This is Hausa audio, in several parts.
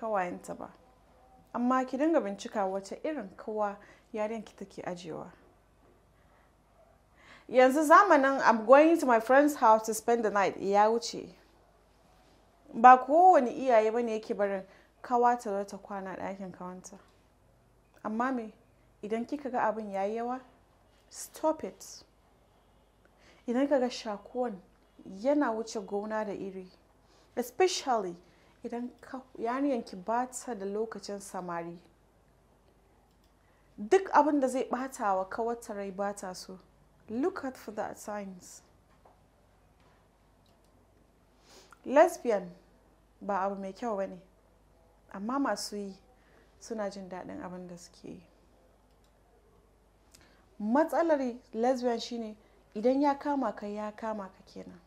kawayenta ba amma ki dinga bincika wace irin kowa yaren ki take ajiyewa. yanzu zamanin i'm going to my friend's house to spend the night ya wuce ba kowane iyaye bane yake barin kawa ta ta kwana ɗakin kawanta amma me idan kika ga abin yayi yawa stop it idan kaga shakuwan yana wuce gona da iri especially idan yariyanki ba ta da lokacin samari duk abin da zai bata wa kawata rai ba so look out for the signs lesbian ba abu mai kyau ba ne amma masu yi suna jin daɗin abin da suke yi matsalar lesbian shine idan ya kama ka ya kama ka kenan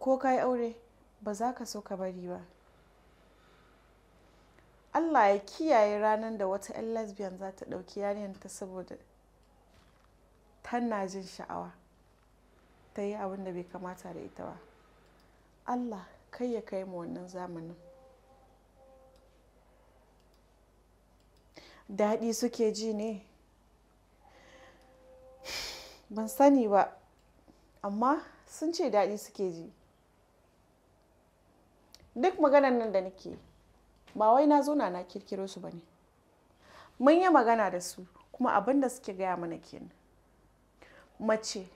ko ka yi aure ba za ka so ka bari ba allah ya kiyaye ranar da wata 'yan lesbian za ta ɗauki yarinyarta saboda tana jin sha'awa ta yi abin da bai kamata da ita ba allah kai ya kai mu wannan zamanin daɗi suke ji ne ban sani ba amma sun ce daɗi suke ji duk maganan nan da nake ba wai na zo na na kirkiro su ba ne. mun yi magana da su kuma abin da suke gaya mana kenan mace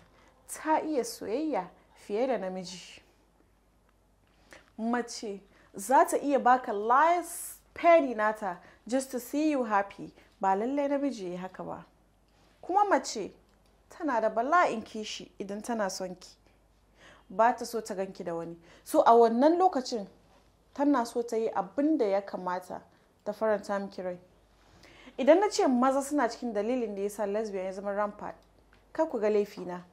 ta iya soyayya fiye da namiji mace za ta iya baka lies penny nata just to see you happy ba lallai namiji ya haka ba kuma mace tana da bala'in kishi idan tana son ki ba ta so ta ganki da wani so a wannan lokacin tana so ta yi abin da ya kamata ta faranta miki rai idan na ce maza suna cikin dalilin da ya sa lesbian ya zama rampart kar ku ga laifina